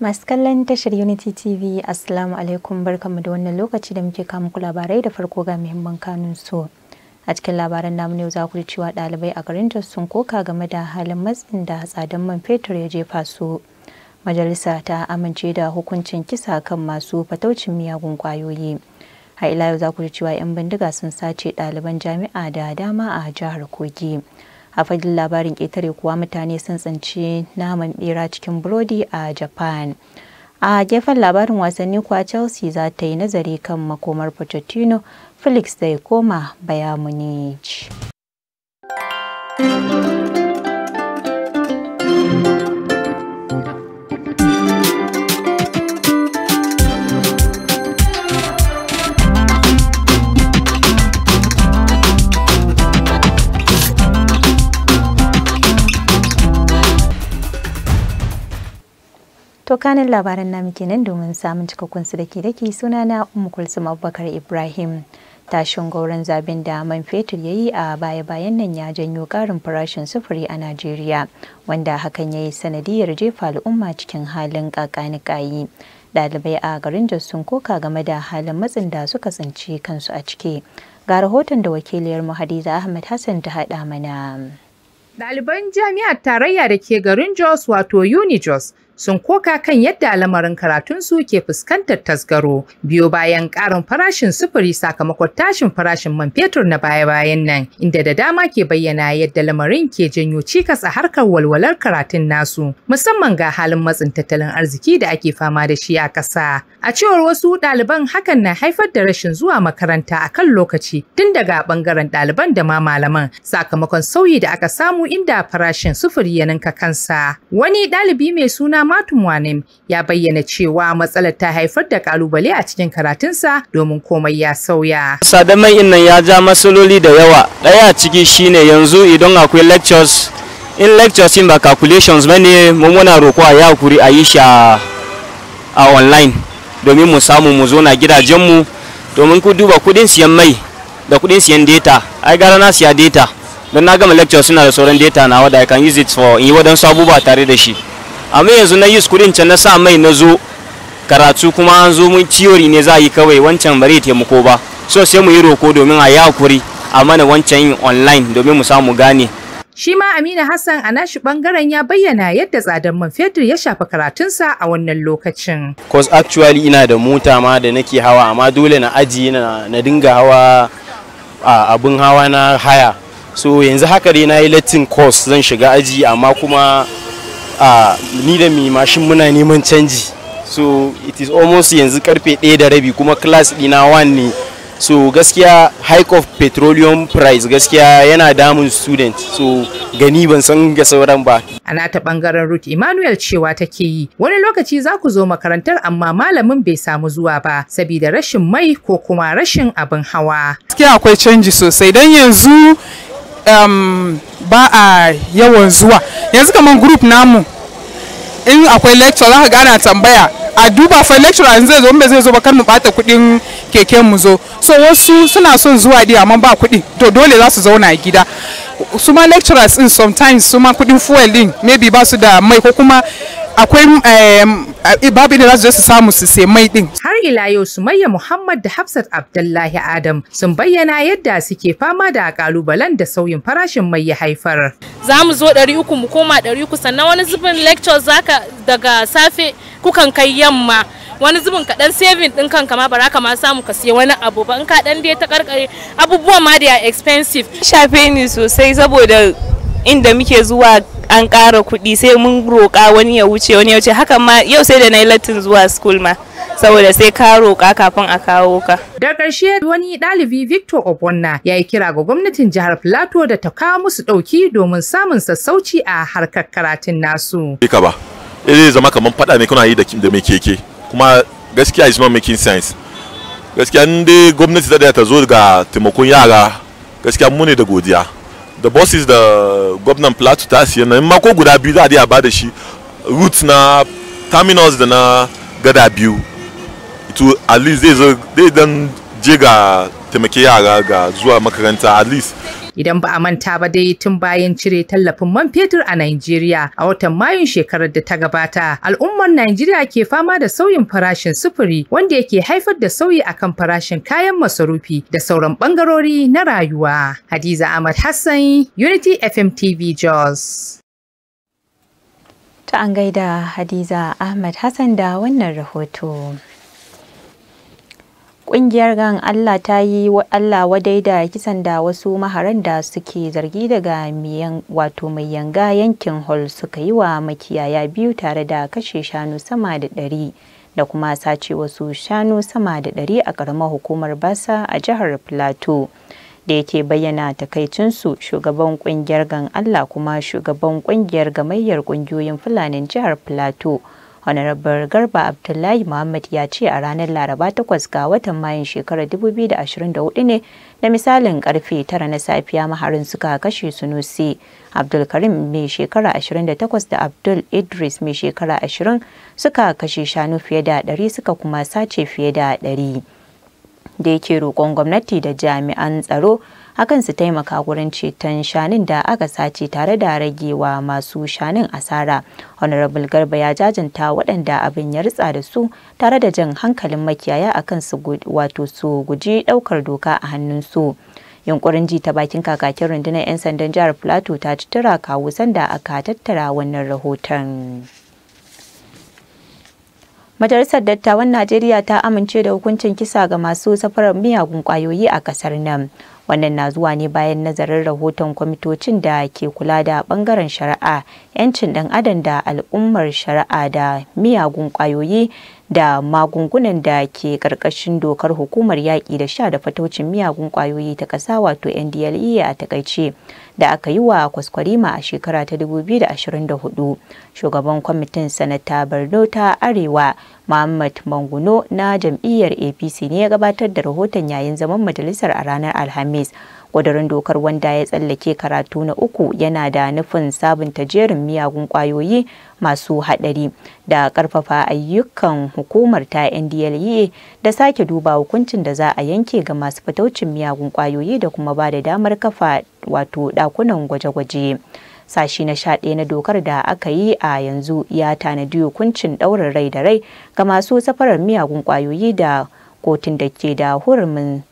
Masu kallon tashar Unity TV, Assalamu alaikum barkanmu da wannan lokaci da muke kama ku labarai da farko ga muhimman kanun su. A cikin labaran namu ne za ku ji cewa dalibai a garin sun koka game da halin matsin da tsadan man fetur ya jefa su. Majalisa ta amince da hukuncin kisa kan masu fataucin miyagun kwayoyi a ila yau za ku ji cewa 'yan bindiga sun sace ɗaliban jami'a da dama a jihar Kogi. a fadin labarin ƙetare kuwa mutane sun tsinci naman bera cikin burodi a japan a gefen labarin wasanni kuwa chelsea za ta yi nazari kan makomar pochettino felix zai koma bayamuni To kanin labaran namu kenan domin samun cikakkun su dake dake suna na Umkulsum Abubakar Ibrahim. Tashin gauran zaben da man fetur ya yi a baya-bayan nan ya janyo ƙarin farashin sufuri a Najeriya, wanda hakan ya yi sanadiyar jefa al'umma cikin halin ƙaƙanikayi. Ɗalibai a garin Jos sun koka game da halin matsin da suka tsinci kansu a ciki. Ga rahoton da wakiliyar mu Hadiza Ahmed Hassan ta haɗa mana. Ɗaliban jami'ar tarayya da ke garin Jos wato Uni Jos sun koka kan yadda lamarin karatunsu ke fuskantar tasgaro biyo bayan ƙarin farashin sufuri sakamakon tashin farashin man fetur na baya-bayan nan inda da dama ke bayyana yadda lamarin ke janyo cikas a harkar walwalar karatun nasu musamman ga halin matsin tattalin arziki da ake fama da shi a ƙasa. A cewar wasu ɗaliban hakan na haifar da rashin zuwa makaranta a kan lokaci tun daga ɓangaren ɗaliban da ma malaman sakamakon sauyi da aka samu inda farashin sufuri ya ninka kansa. Wani ɗalibi mai suna Amatu Mwanim ya bayyana cewa matsalar ta haifar da kalubale a cikin karatunsa domin komai ya sauya. Sadan mai nan ya ja matsaloli da yawa. daya a ciki shine yanzu idan akwai lectures in lectures in ba calculations bane mu muna roko a yakuri a yi shi a online domin mu samu mu zo na gidajenmu domin ku duba kudin siyan mai da kudin siyan data ai gara na siya data don na gama lectures suna da sauran data na wada i can use it for in yi wadansu abubuwa tare da shi amma yanzu na yi kudin can na sa mai na zo karatu kuma an zo mun ciyori ne za a yi kawai wancan bari ya taimako ba so sai mu yi roko domin a yi hakuri a mana wancan yin online domin mu samu gane Shi ma amina Hassan a nashi bangaren ya bayyana yadda tsadar man fetur ya shafi karatunsa a wannan lokacin. cos actually ina da mota ma da nake hawa amma dole na aji na, na dinga hawa a abin hawa na haya. So yanzu haka dai na yi latin course zan shiga aji amma kuma Ah, ni da mai mashin muna neman canji so it is almost yanzu karfe ɗaya da rabi kuma class ɗina one ne so gaskiya hike of petroleum price gaskiya yana damun student so gani ban san ga sauran ba ana ta bangaren Ruth Emmanuel cewa take yi wani lokaci za ku zo makarantar amma malamin bai samu zuwa ba sabida rashin mai ko kuma rashin abin hawa gaskiya akwai canji sosai dan yanzu um, ba a yawan zuwa yanzu kamar group namu in akwai lecture za ka gana tambaya a duba fa lecture yanzu zai zo in zai zo ba kar mu bata kuɗin keken mu zo so wasu suna son zuwa ɗi amma ba kuɗi to dole za su zauna a gida su ma lecturers in sometimes su ma kuɗin fuel din maybe ba su da mai ko kuma akwai eh, babu da za su samu su sai mai din. Har ila yau Sumayya Muhammad da Hafsat Abdullahi Adam sun bayyana yadda suke fama da kalubalen da sauyin farashin mai ya haifar. Za mu zo ɗari uku mu koma ɗari uku sannan wani zubin lecture zaka daga safe kukan kai yamma wani zubin ka dan saving din kanka ma bara ka ma samu ka siya wani abu ba in ka dan dai ta karkare abubuwa ma da expensive. Shafe ni sosai saboda inda muke zuwa an ƙara kuɗi sai mun roƙa wani ya wuce wani ya wuce haka ma yau sai da na yi lattin zuwa school ma saboda sai ka roƙa kafin a kawo ka. Da ƙarshe wani ɗalibi Victor Obonna ya yi kira ga gwamnatin jihar Plateau da ta kawo musu ɗauki domin samun sassauci a harkar karatun nasu. Ika ba, eh, zai zama kamar faɗa ne kuna yi da mai keke kuma gaskiya is not making sense. Gaskiya in dai gwamnati ta zo ga taimakon yara gaskiya mu ne da godiya. da bosses da gwamnan plateau ta siya na mako guda biyu za a ba da shi routes na terminals da na gada biyu to at least zai dan je ga taimake yara ga zuwa makaranta at least idan ba a manta ba dai tun bayan cire tallafin man fetur a Najeriya a watan Mayun shekarar da ta gabata. Al'ummar Najeriya ke fama da sauyin farashin sufuri wanda yake haifar da sauyi akan farashin kayan masarufi da sauran bangarori na rayuwa. Hadiza Ahmad Hassan, Unity FM TV Jos. Ta an gaida Hadiza Ahmad Hassan da wannan rahoto. Ƙungiyar Gan Allah ta yi Allah wadai da kisan da wasu maharan da suke zargi daga miyan wato mai yanga yankin Hall suka yi wa makiyaya biyu tare da kashe shanu sama da ɗari da kuma sace wasu shanu sama da ɗari a ƙaramar hukumar Basa a jihar Plateau. da yake bayyana takaicinsu shugaban kungiyar gan Allah kuma shugaban ƙungiyar gamayyar kungiyoyin Fulanin jihar Plateau Honorable Garba Abdullahi Muhammad ya ce a ranar Laraba takwas ga watan Mayun shekarar 2024 ne na misalin karfe 9 na safiya maharin suka kashe Sunusi. Abdulkarim mai shekara 28 da Abdul Idris mai shekara 20 suka kashe shanu fiye da 100 suka kuma sace fiye da 100. da yake roƙon gwamnati da jami'an tsaro akan su taimaka gurin ceton shanun da aka sace tare da ragewa masu shanun asara. Honorable Garba ya jajanta waɗanda abin ya ritsa da su tare da jan hankalin makiyaya akan su wato su guji ɗaukar doka a hannunsu. yunkurin ji ta bakin kakakin rundunar 'yan sandan jihar plateau ta tura kawo sanda aka tattara wannan rahoton. Majalisar Dattawan Najeriya ta amince da hukuncin kisa ga masu safarar miyagun kwayoyi a kasar nan. Wannan na zuwa ne bayan nazarin rahoton kwamitocin da ke kula da bangaren shari'a, 'yancin ɗan adam da al'ummar shari'a da miyagun ƙwayoyi da magungunan da ke ƙarƙashin dokar hukumar yaƙi da sha da fatocin miyagun kwayoyi ta ƙasa wato ndle a takaice da aka yi wa kwaskwarima a shekara ta 2024. Shugaban kwamitin Sanata Barno ta Arewa Muhammad Manguno na jam'iyyar APC ne ya gabatar da rahoton yayin zaman majalisar a ranar Alhamis. Ƙudurin dokar wanda ya tsallake karatu na uku yana da nufin sabunta jerin miyagun kwayoyi masu haɗari da ƙarfafa ayyukan hukumar ta NDLEA da sake duba hukuncin da za a yanke ga masu fataucin miyagun kwayoyi da kuma ba da damar kafa wato ɗakunan gwaje-gwaje. sashi na sha na dokar da aka yi a yanzu ya tanadi hukuncin ɗaurin rai da rai ga masu safarar miyagun kwayoyi da kotun da ke da hurumin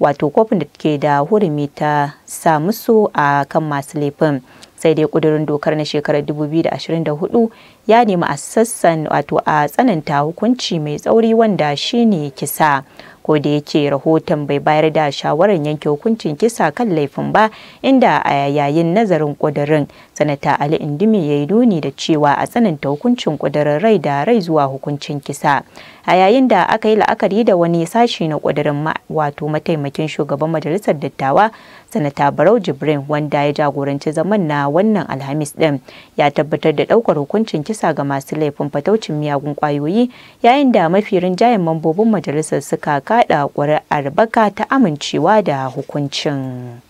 wato kofin da ke da hurumi ta sa musu a kan masu laifin sai dai kudurin dokar na shekarar 2024 ya nemi a sassan wato a tsananta hukunci mai tsauri wanda shine kisa ko da yake rahoton bai bayar da shawarar yanke hukuncin kisa kan laifin ba inda a yayin nazarin kudurin sanata ali indimi ya yi nuni da cewa a tsananta hukuncin ƙudurin rai da rai zuwa hukuncin kisa a yayin da aka yi la'akari da wani sashi na ƙudurin wato mataimakin shugaban majalisar dattawa sanata barau jibrin wanda ya jagoranci zaman na wannan alhamis ɗin, ya tabbatar da ɗaukar hukuncin kisa ga masu laifin fataucin miyagun kwayoyi yayin da mafi rinjayen mambobin majalisar suka kaɗa ƙuri'ar baka ta amincewa da hukuncin.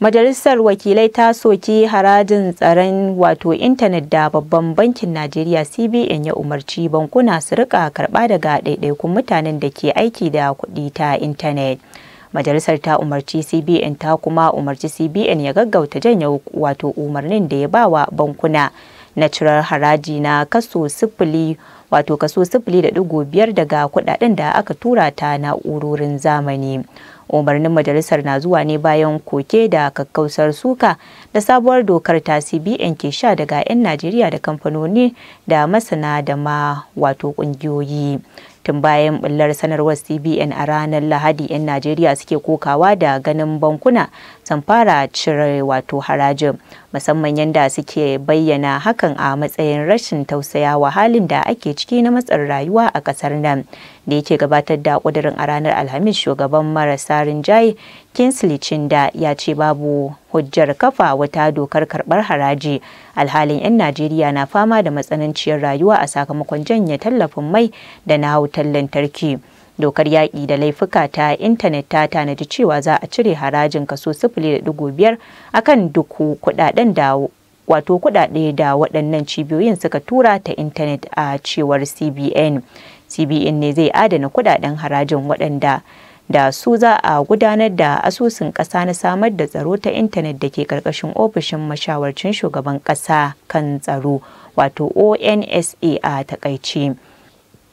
Majalisar Wakilai ta soki harajin tsaron wato intanet da babban bankin Najeriya CBN ya umarci bankuna su rika karɓa daga ɗaiɗaikun mutanen da ke aiki da kuɗi ta intanet. Majalisar ta umarci CBN ta kuma umarci CBN ya gaggauta janye wato umarnin da ya ba wa bankuna na cirar haraji na kaso sifili wato kaso sifili da digo biyar daga kuɗaɗen da aka tura ta na'urorin zamani. umarnin majalisar na zuwa ne bayan koke da kakkausar suka da sabuwar dokar ta cbn ke sha daga 'yan najeriya da kamfanoni da masana da ma wato kungiyoyi tun bayan bullar sanarwar cbn a ranar lahadi 'yan najeriya suke kokawa da ganin bankuna san fara cire wato harajin musamman yadda suke bayyana hakan a matsayin rashin tausayawa halin da ake ciki na matsin rayuwa a kasar nan da yake gabatar da kudirin a ranar alhamis shugaban marasa rinjaye kinsley da ya ce babu hujjar kafa wata dokar karbar haraji alhalin 'yan najeriya na fama da matsananciyar rayuwa a sakamakon janye tallafin mai da na hautar lantarki dokar yaƙi da laifuka ta intanet ta tanadi cewa za a cire harajin kaso 0.5 akan duk kudaden da wato kudade da waɗannan cibiyoyin suka tura ta intanet a cewar cbn cbn ne zai adana kudaden harajin waɗanda da su za a gudanar da asusun ƙasa na samar da tsaro ta intanet da ke ƙarƙashin ofishin mashawarcin shugaban ƙasa kan tsaro wato onsa a takaice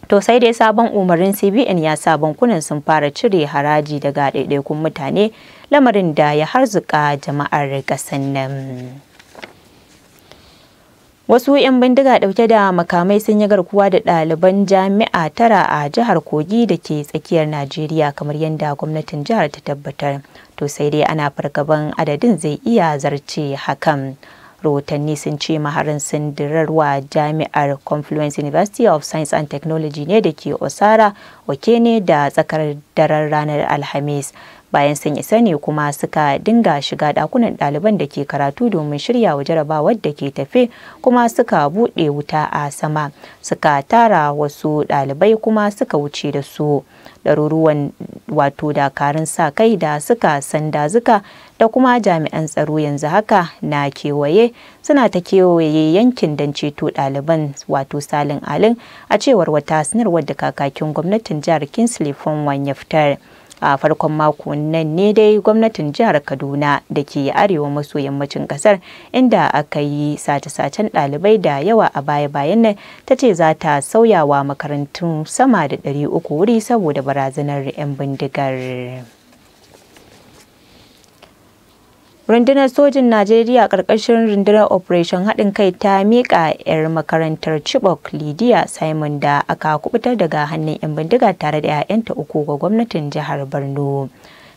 to sai dai sabon umarnin cbn ya sabon bankunan sun fara cire haraji daga ɗaiɗaikun mutane lamarin da ya harzuka jama'ar ƙasar nan Wasu 'yan bindiga ɗauke da makamai sun yi garkuwa da ɗaliban jami'a tara a jihar Kogi da ke tsakiyar Najeriya kamar yadda gwamnatin jihar ta tabbatar. To sai dai ana fargaban adadin zai iya zarce hakan. rahotanni sun ce maharin sindirarwa jami'ar confluence university of science and technology ne da ke osara wake ne da tsakar daren ranar alhamis bayan sun isa ne kuma suka dinga shiga dakunan ɗaliban da ke karatu domin shirya wa jarabawar da ke tafe kuma suka buɗe wuta a sama suka tara wasu ɗalibai kuma suka wuce da su ɗaruruwan wato dakarun sa kai da suka sanda zuka da kuma jami'an tsaro yanzu haka na kewaye suna ta kewaye yankin don ceto ɗaliban wato salin alin a cewar wata sanarwar da kakakin gwamnatin jihar kinsley fonwan wanya fitar a farkon mako nan ne dai gwamnatin jihar kaduna da ke arewa maso yammacin kasar inda aka yi sace-sacen ɗalibai da yawa a baya-bayan nan ta ce za ta sauyawa makarantun sama da 300 wuri saboda barazanar 'yan bindigar. rundunar sojin najeriya ƙarƙashin rundunar operation haɗin kai ta miƙa 'yar makarantar chibok lidiya simon da aka kubutar daga hannun 'yan bindiga tare da 'ya'yanta uku ga gwamnatin jihar borno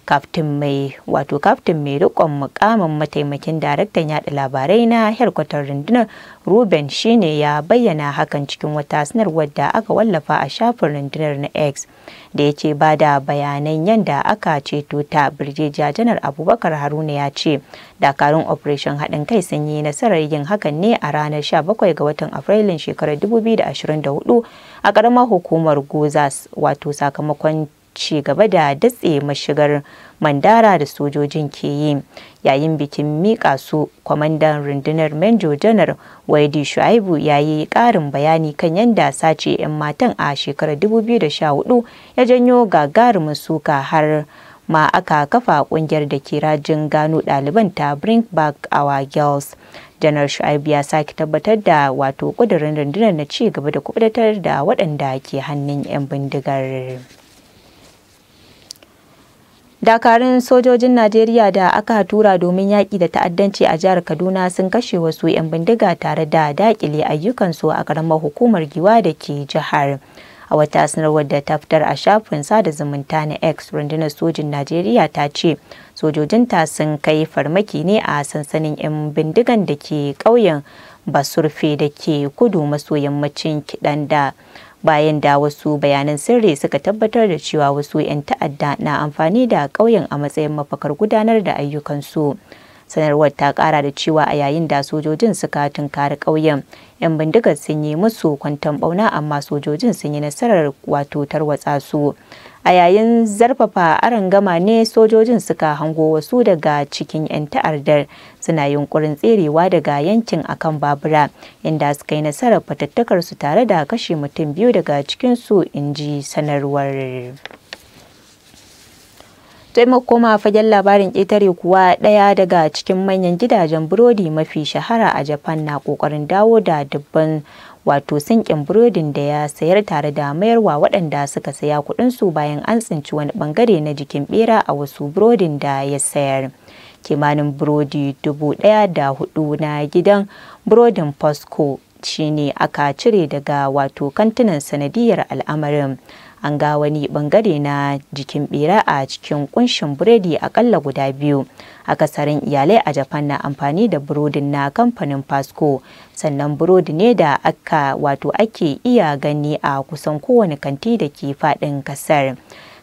kaftin mai wato kaftin mai rikon mukamin mataimakin daraktan yada labarai na herkwatar rundunar ruben shine ya bayyana hakan cikin wata sanarwar da aka wallafa a shafin rundunar na x da ya ce ba da bayanan yadda aka ceto ta birgejiya janar abubakar haruna ya ce dakarun operation haɗin kai sun yi nasarar yin hakan ne a ranar 17 ga watan afrilun shekarar 2024 a karamar hukumar gozas wato sakamakon ci gaba da datse mashigar mandara da sojojin ke yi yayin bikin miƙa su kwamandan rundunar menjo janar waidi shuaibu ya yi ƙarin bayani kan yadda sace 'yan matan a shekarar 2014 ya janyo gagarumin suka har ma aka kafa kungiyar da ke rajin gano ɗaliban ta bring back our girls janar shu'aibu ya sake tabbatar da wato ƙudurin rundunar na ci gaba da kudatar da waɗanda ke hannun 'yan bindigar dakarun sojojin najeriya da aka tura domin yaƙi da ta'addanci a jihar kaduna sun kashe wasu 'yan bindiga tare da daƙile ayyukansu a ƙaramar hukumar giwa da ke jihar a wata sanarwar da ta fitar a shafin sada zumunta na x rundunar sojin najeriya ta ce sojojinta sun kai farmaki ne a sansanin 'yan bindigan da ke ƙauyen basurfe da ke kudu maso yammacin kiɗanda. da bayan da wasu bayanan sirri suka tabbatar da cewa wasu 'yan ta'adda na amfani da ƙauyen a matsayin mafakar gudanar da ayyukansu. sanarwar ta kara da cewa a yayin da sojojin suka tunkari ƙauyen yan bindigar sun yi musu kwanton bauna amma sojojin sun yi nasarar wato tarwatsa su a yayin zarfafa gama ne sojojin suka hango wasu daga cikin 'yan ta'ardar suna yunkurin tserewa daga yankin akan babura inda suka yi nasarar fatattakar su tare da kashe mutum biyu daga cikinsu in ji sanarwar taimako ma fagen labarin ƙetare kuwa ɗaya daga cikin manyan gidajen burodi mafi shahara a japan na ƙoƙarin dawo da dubban wato sinkin burodin da ya sayar tare da mayarwa waɗanda suka saya kuɗinsu bayan an tsinci wani bangare na jikin bera a wasu burodin da ya sayar. kimanin burodi dubu ɗaya da hudu na gidan burodin Fosco shine aka cire daga wato kantunan sanadiyar al'amarin an ga wani bangare na jikin bera a cikin kunshin buredi akalla guda biyu akasarin iyalai a japan na amfani da burodin na kamfanin pasco sannan burodi ne da aka wato ake iya gani a kusan kowane kanti da ke fadin kasar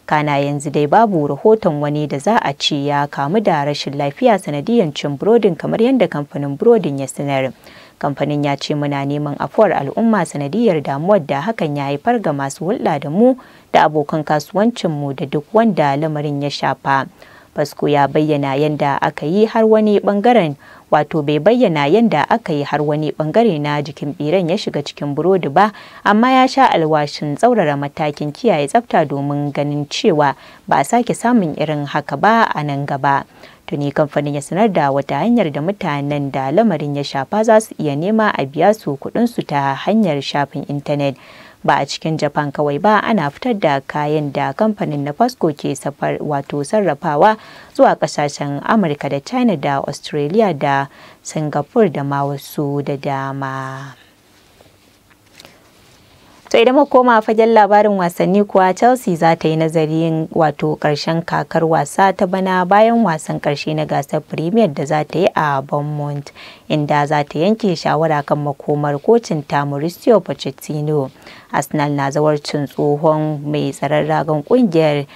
kana yanzu dai babu rahoton wani da za a ce ya kamu da rashin lafiya sanadiyancin cin burodin kamar yadda kamfanin burodin ya sanar kamfanin ya ce muna neman afuwar al'umma sanadiyar damuwar da hakan ya haifar ga masu hulɗa da mu da abokan kasuwancinmu da duk wanda lamarin ya shafa Fasko ya bayyana yadda aka yi har wani bangaren wato bai bayyana yadda aka yi har wani bangare na jikin biran ya shiga cikin burodi ba amma ya sha alwashin tsaurara matakin kiyaye tsafta domin ganin cewa ba a sake samun irin haka ba a nan gaba tuni kamfanin ya sanar da wata hanyar da mutanen da lamarin ya shafa za su iya nema a biya su su ta hanyar shafin intanet ba a cikin japan kawai ba ana fitar da kayan da kamfanin na fasco ke safar wato sarrafawa zuwa kasashen amurka da china da australia da singapore da ma wasu da dama To idan muka koma fagen labarin wasanni kuwa Chelsea za ta yi nazarin wato karshen kakar wasa ta bana bayan wasan karshe na gasar Premier da za ta yi a Bournemouth inda za ta yanke shawara kan makomar kocin ta Mauricio Pochettino. Arsenal na zawarcin tsohon mai tsaron ragan kungiyar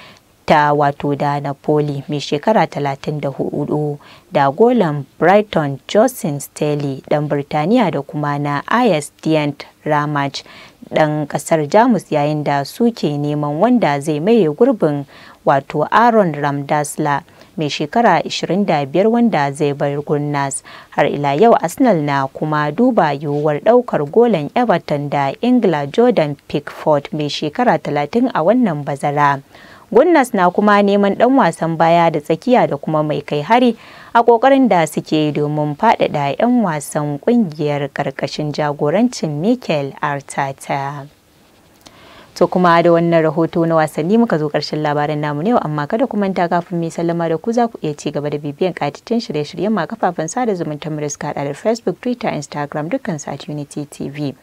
ta wato da napoli mai shekara 34 da golan brighton johnson staley dan birtaniya da kuma na is dient ramage dan kasar jamus yayin da suke neman wanda zai maye gurbin wato aaron ramdasla mai shekara 25 wanda zai bar Gunners har ila yau Arsenal na kuma duba yiwuwar daukar golan Everton da Ingila Jordan Pickford mai shekara 30 a wannan bazara. Gunnas na kuma neman ɗan wasan baya da tsakiya da kuma mai kai hari a ƙoƙarin da suke domin faɗaɗa 'yan wasan ƙungiyar ƙarƙashin jagorancin Mikel Arteta. To kuma da wannan rahoto na wasanni muka zo ƙarshen labarin namu ne amma kada ku manta kafin mai sallama da ku za ku iya ci gaba da bibiyan katitin shirye-shiryen ma kafafen sada zumunta mu da suka da Facebook, Twitter, Instagram dukkan sa Unity TV.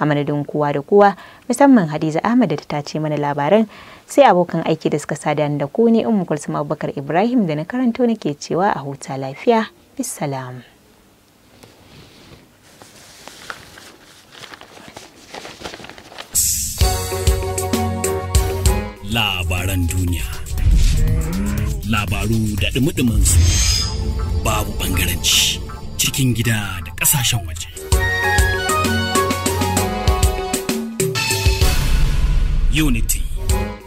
a madadin kowa da kowa musamman hadiza ahmad da ta ce mana labaran sai abokan aiki da suka sada da ku ne in kulsum abubakar ibrahim da na karanto nake cewa a huta lafiya bisalam labaran duniya labaru da dumi su babu bangaranci cikin gida da ƙasashen waje unity